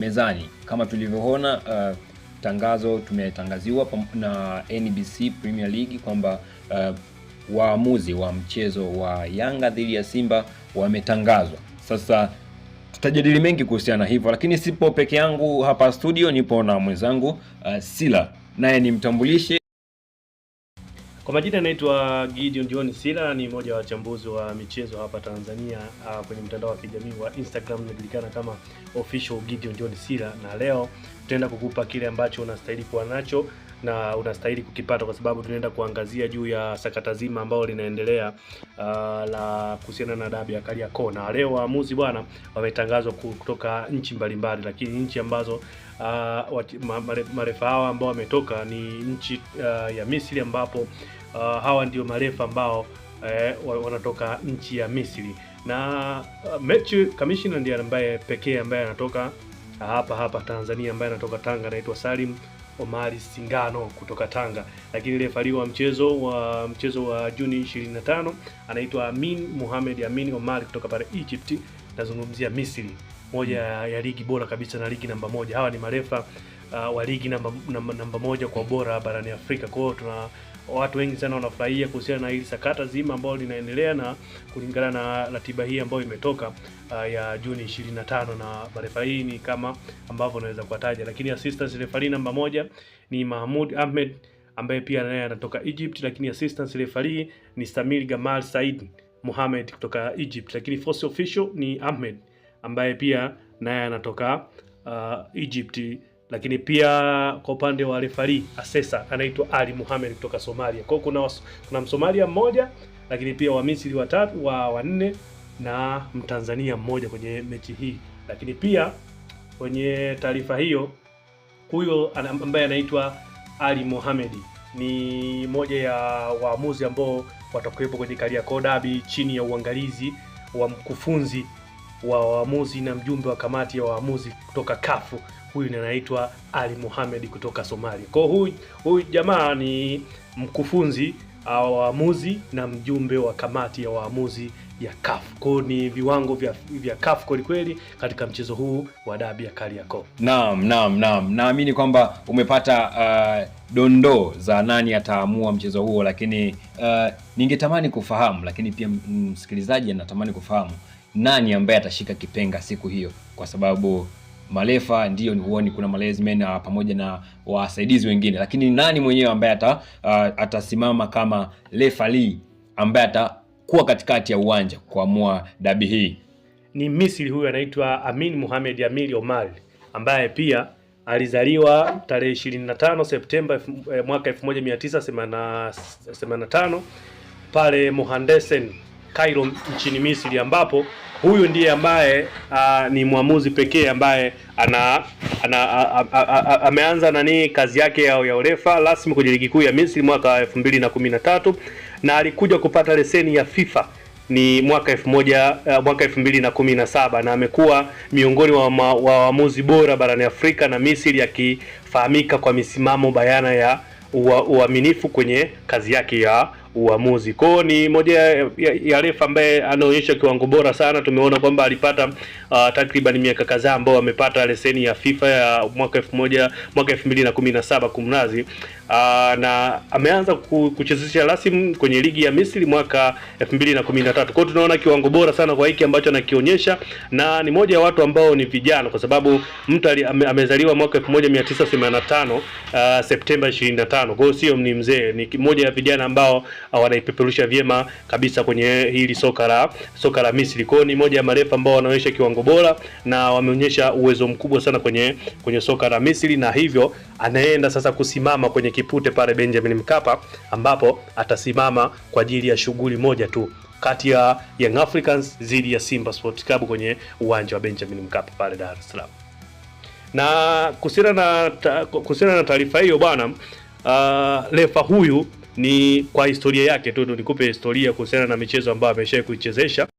mezani kama tulivyoona uh, tangazo tumetangaziwa na NBC Premier League kwamba uh, waamuzi wa mchezo wa Yanga dhidi ya Simba wametangazwa. Sasa tutajadili mengi kuhusiana hivyo, lakini sipo peke yangu hapa studio, nipo na mwenzangu uh, Sila, naye nimtambulishe. Kwa majina naitwa Gideon John Sila, ni mmoja wa wachambuzi wa michezo hapa Tanzania. Uh, kwenye mtandao wa kijamii wa Instagram unajulikana kama official Gideon John Sila, na leo tutaenda kukupa kile ambacho unastahili kuwa nacho na unastahili kukipata, kwa sababu tunaenda kuangazia juu ya sakata zima ambalo linaendelea uh, la kuhusiana na dabi ya Kariakoo, na leo waamuzi bwana wametangazwa kutoka nchi mbalimbali, lakini nchi ambazo uh, ma marefa hawa ambao wametoka ni nchi uh, ya Misri ambapo uh, hawa ndio marefa ambao eh, wanatoka nchi ya Misri na uh, mechi kamishina ndiye ambaye pekee ambaye anatoka hapa hapa Tanzania ambaye anatoka Tanga anaitwa Salim Omari Singano kutoka Tanga, lakini refari wa mchezo wa mchezo wa Juni 25 anaitwa Amin Mohamed Amin Omari kutoka pale Egypt, nazungumzia Misri moja mm. ya ligi bora kabisa na ligi namba moja. Hawa ni marefa uh, wa ligi namba, namba, namba moja kwa bora barani Afrika. Kwa hiyo tuna watu wengi sana wanafurahia kuhusiana na hili sakata zima ambayo linaendelea na kulingana na ratiba hii ambayo imetoka uh, ya Juni 25 na marefa hii ni kama ambavyo naweza kuwataja, lakini assistant referee namba moja ni Mahmoud Ahmed ambaye pia naye anatoka Egypt, lakini assistant referee ni Samir Gamal Said Mohamed kutoka Egypt, lakini first official ni Ahmed ambaye pia naye anatoka uh, Egypt lakini pia kwa upande wa refari asesa anaitwa Ali Muhammad kutoka Somalia. Kwa kuna was, kuna Msomalia mmoja lakini pia Wamisri watatu wa wanne na Mtanzania mmoja kwenye mechi hii. Lakini pia kwenye taarifa hiyo, huyo ambaye anaitwa Ali Mohamed ni moja ya waamuzi ambao watakuwepo kwenye Kariakoo Derby chini ya uangalizi wa mkufunzi wa waamuzi na mjumbe wa kamati ya waamuzi kutoka kafu huyu anaitwa Ali Mohamed kutoka Somalia. Kwa huyu huyu jamaa ni mkufunzi wa waamuzi na mjumbe wa kamati ya waamuzi ya CAF. Kwa ni viwango vya vya CAF kweli kweli katika mchezo huu wa dabi ya Kariakoo. Naam, naam, naam. Naamini kwamba umepata uh, dondoo za nani ataamua mchezo huo, lakini uh, ningetamani kufahamu, lakini pia msikilizaji anatamani kufahamu nani ambaye atashika kipenga siku hiyo, kwa sababu marefa ndio ni huoni kuna malesmen pamoja na wasaidizi wengine, lakini nani mwenyewe ambaye ata, uh, atasimama kama lefali ambaye atakuwa katikati ya uwanja kuamua dabi hii? Ni Misri huyu anaitwa Amin Mohamed Amili Omar ambaye pia alizaliwa tarehe 25 Septemba eh, mwaka 1985 pale Mohandesen Cairo nchini Misri, ambapo huyu ndiye ambaye uh, ni mwamuzi pekee ambaye ana, ana a, a, a, ameanza nani kazi yake ya, ya urefa rasmi kwenye ligi kuu ya Misri mwaka 2013 na alikuja kupata leseni ya FIFA ni mwaka elfu moja eh, mwaka elfu mbili na kumi na saba na amekuwa miongoni wa waamuzi bora barani Afrika na Misri akifahamika kwa misimamo bayana ya uaminifu kwenye kazi yake ya uamuzi. Kwao ni moja ya, ya, ya refa ambaye anaonyesha kiwango bora sana. Tumeona kwamba alipata uh, takriban miaka kadhaa ambao amepata leseni ya FIFA ya mwaka elfu moja mwaka 2017 kumnazi, uh, na ameanza kuchezesha rasmi kwenye ligi ya Misri mwaka 2013. hiyo tunaona kiwango bora sana kwa hiki ambacho anakionyesha, na ni moja ya watu ambao ni vijana, kwa sababu mtu ame, amezaliwa mwaka 1985 uh, Septemba 25. Kwa hiyo sio ni mzee, ni moja ya vijana ambao wanaipeperusha vyema kabisa kwenye hili soka la soka la Misri. Kwao ni moja ya marefa ambao wanaonyesha kiwango bora na wameonyesha uwezo mkubwa sana kwenye kwenye soka la Misri, na hivyo anaenda sasa kusimama kwenye kipute pale Benjamin Mkapa, ambapo atasimama kwa ajili ya shughuli moja tu kati ya Young Africans dhidi ya Simba Sports Club kwenye uwanja wa Benjamin Mkapa pale Dar es Salaam. Na kuhusiana na taarifa hiyo bwana, uh, refa huyu ni kwa historia yake tu, nikupe historia kuhusiana na michezo ambayo ameshawahi kuichezesha